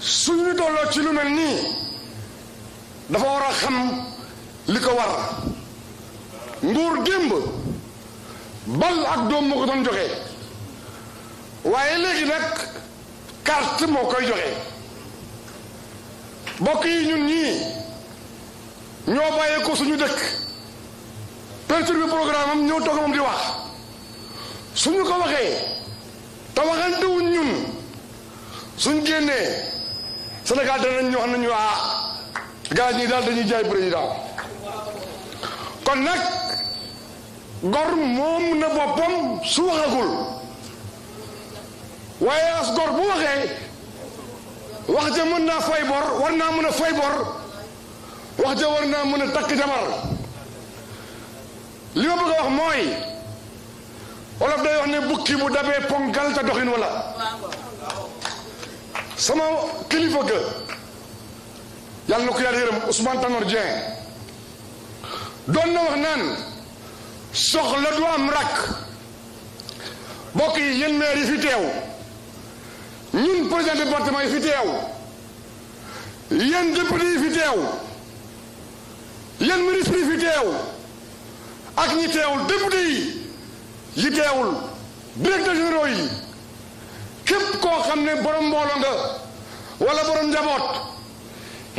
suñu tolloo ci lu mel nii dafa war a xam li ko war nguur démb bal ak doom moo ko doon joxe waaye léegi nag carte moo koy joxe bokk yi ñun ñii ñoo bàyyee ko suñu dëkk perturbé bi am ñëw toog moom di wax suñu ko waxee te waxantewuñ ñun suñ génnee Sénégal danañ ñoo xam nañu ñu ah gars ñi daal dañuy jaay président kon nag gor moom na boppam su waxagul waaye as gor bu waxee wax ja mën naa fay bor war naa mën a fay bor wax ja war naa mën a takk jabar li ma bëgg a wax mooy wolof day wax ne bukki bu dabee ponkal te doxin wala sama kilifa ga yàlla na ko yàlla yërëm Ousmane Tanor Dieng doon na wax naan soxla du am rakk bokk yi yéen yi fi teew ñun président département yi fi teew yéen député yi fi teew ak ñi teewul député yi yi teewul directeur généraux yi koo xam ne borom mbooloo nga wala borom njaboot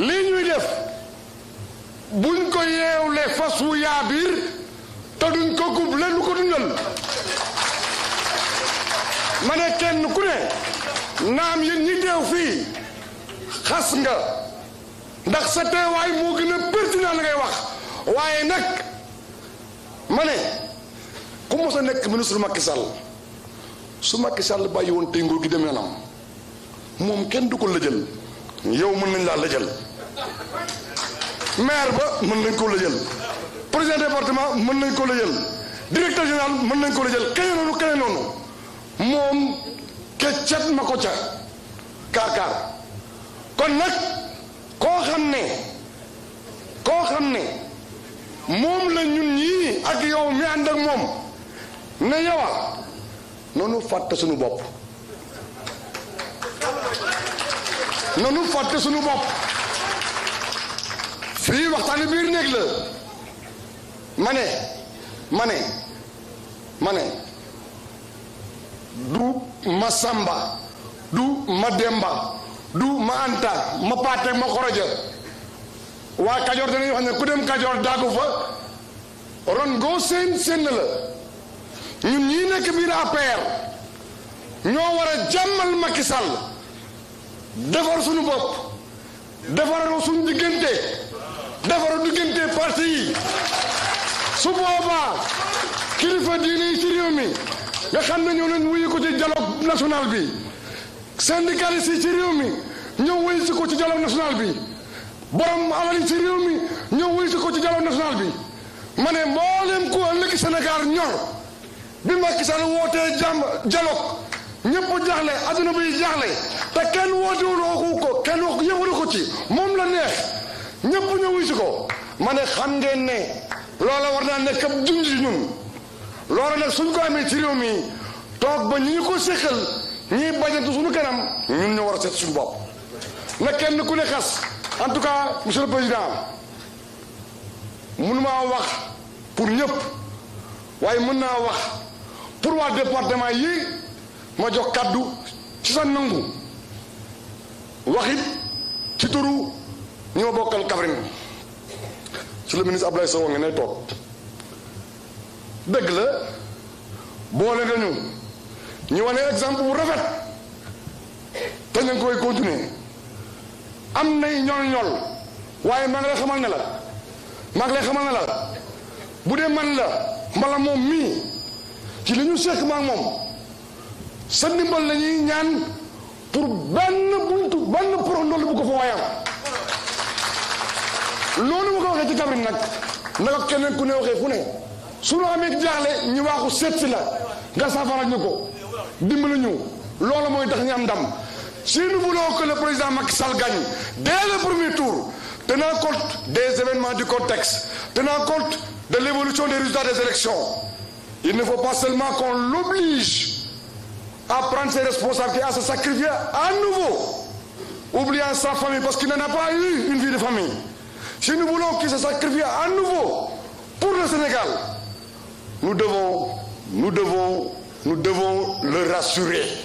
lii ñuy def buñ ko yeewle fas wu yaa te duñ ko gub leen lu ko dundal ma ne kenn ku ne naam yéen ñi teew fii xas nga ndax sa teewaay moo gën a pertinent la ngay wax waaye nag ma ne ku mos a nekk ministre Macky Sall su Macky Sall bàyyi woon tey nguur gi dem yoonam moom kenn du ko lëjal yow mën nañ laa lëjal maire ba mën nañ koo lëjal président département mën nañ koo lëjal directeur général mën nañ koo lëjal keneen noonu kene noonu moom keccat ma ko ca kaar-kaar kon nag koo xam ne koo xam ne moom la ñun ñii ak yow mi ànd ak moom ne yowa nanu fàtte suñu bopp nanu fàtte suñu bopp fii waxtaani biir néeg la ma ne ma ne ma ne du ma samba du ma demba du ma anta ma paate ma xoroja waa kajoor danañu wax ne ku dem kajoor daagu fa ron goo seen seen la ñun ñii nekk biir APR ñoo war a jàmmal Macky Sall defar suñu bopp defaral suñu diggante defar diggante parti yi su boobaa kilifa diine ci réew mi nga xam ne ñoo leen wuyu ko ci dialogue national bi syndicalistes ci réew mi ñoo wuyu si ko ci dialogue national bi borom alal yi ci réew mi ñoo wuyu si ko ci dialogue national bi ma ne mbooleem ku ëllëg Sénégal ñor. bi Macky Sall wootee jàmm dialogue ñëpp jaaxle adduna bi jaaxle te kenn wootewul waxu ko kenn wax yëgulu ko ci moom la neex ñëpp ñëwu si ko ma ne xam ngeen ne loola war naa nekk ab junj ñun loola nag suñ ko amee ci réew mi toog ba ñi ñu ko séqal ñiy bañantu suñu kanam ñun ñu war a seet suñu bopp na kenn ku ne xas en tout cas monsieur le président mënu wax pour ñëpp waaye mën naa wax pour waa département yi ma jox kàddu ci sa nangu waxit ci turu ñi ma bokkal Kaffrine ci le ministre Abdoulaye Sow nga ne toog dëgg la boole nga ñu ñu wane exemple bu rafet te ñu ngi koy continuer am nay ñool-ñool waaye maa ngi lay xamal ne la maa ngi lay xamal ne la bu dee man la mbala moom mii. ci li ñu seq maak moom sa ndimbal la ñuy ñaan pour benn buntu benn porox ndoll bu ko fa wayal loolu moo ko waxee ci Kaffrine nag na ko keneen ku ne waxee fu ne su ñu amee jaaxle ñu waaxu seet si la nga saafara ñu ko dimbali ñu loolu mooy tax ñu am ndam si nous voulons que le président Macky Sall gagne dès le premier tour tenant compte des événements du contexte tenant compte de l'évolution des résultats des élections Il ne faut pas seulement qu'on l'oblige à prendre ses responsabilités, à se sacrifier à nouveau, oubliant sa famille, parce qu'il n'en a pas eu une vie de famille. Si nous voulons qu'il se sacrifie à nouveau pour le Sénégal, nous devons le rassurer.